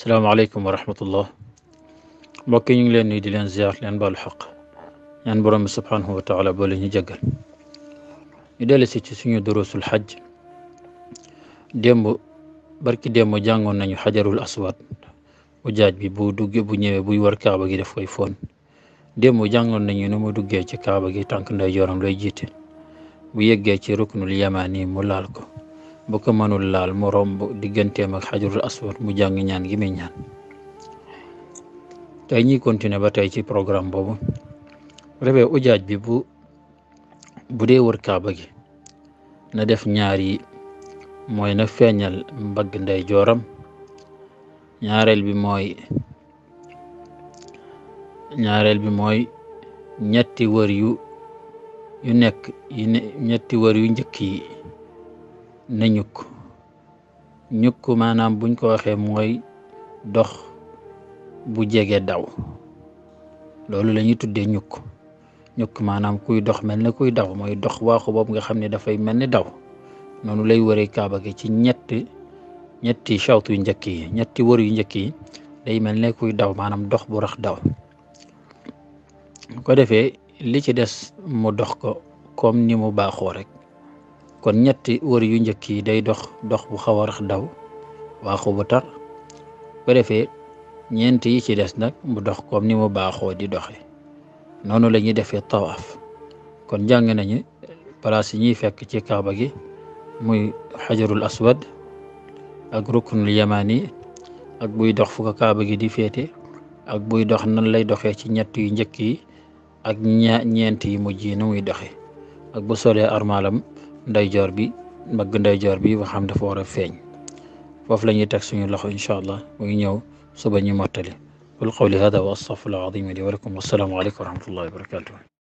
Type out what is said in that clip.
السلام عليكم ورحمة الله بكي نجل نيدي لين زيارة لين بالحق لين برم سبحانه وتعالى بولي نجل يدالي سيتي سنو دروس الحج ديمو بركي ديمو جانغون نانيو حجر الأسود وجاج بي بو دوغي بو نيو بو يور كابا جي دفوي فون ديمو جانغون نانيو نمو دوغي جي كابا جي تانك نا يورم لي جيت بو يجي جي ركن اليماني مولالكو bu ko mënul laal mu romb digganteem ak xajarul aswad mu jàng ñaan gi ñaan tey ñuy continuer ba tey ci programme boobu refee ujaaj bi bu dee wër kaaba gi na def ñaar yi mooy na feeñal mbagg ndey jooram ñaareel bi mooy ñaareel bi mooy ñetti wër yu yu nekk yu ñetti wër yu njëkk yi na ñukk ñukk maanaam buñ ko waxee mooy dox bu jege daw loolu lañuy tuddee ñukk ñukk maanaam kuy dox mel ne kuy daw mooy dox waaxu boobu nga xam ne dafay mel ni daw noonu lay wëree kaaba gi ci ñetti ñetti chawt yu njëkk yi ñetti wër yu njëkk yi day mel ne kuy daw maanaam dox bu rax daw ko defee li ci des mu dox ko comme ni mu baaxoo rek kon ñetti wër yu njëkk yi day dox dox bu xaw a rax daw waaxu bu tar defee ñeent yi ci des nag mu dox kom ni mu baaxoo di doxe noonu la ñuy defee tawaaf kon jàng nañu place yi ñuy fekk ci kaaba gi muy xajarul aswad ak ruknul yamani ak buy dox fu ko kaaba gi di féete ak buy dox nan lay doxee ci ñett yu njëkk yi ak ña ñeent yi mujj yi nu muy doxe ak bu solee armalam ndeyjoor bi mag ndeyjoor bi ba xam dafa war a feeñ foofu la ñuy teg suñu loxo incha allah mu ngi ñëw suba ñu mottali wal qawli hada wa astaghfirullah alazim li wa lakum wassalaamu alaykum wa rahmatullahi wa barakatuh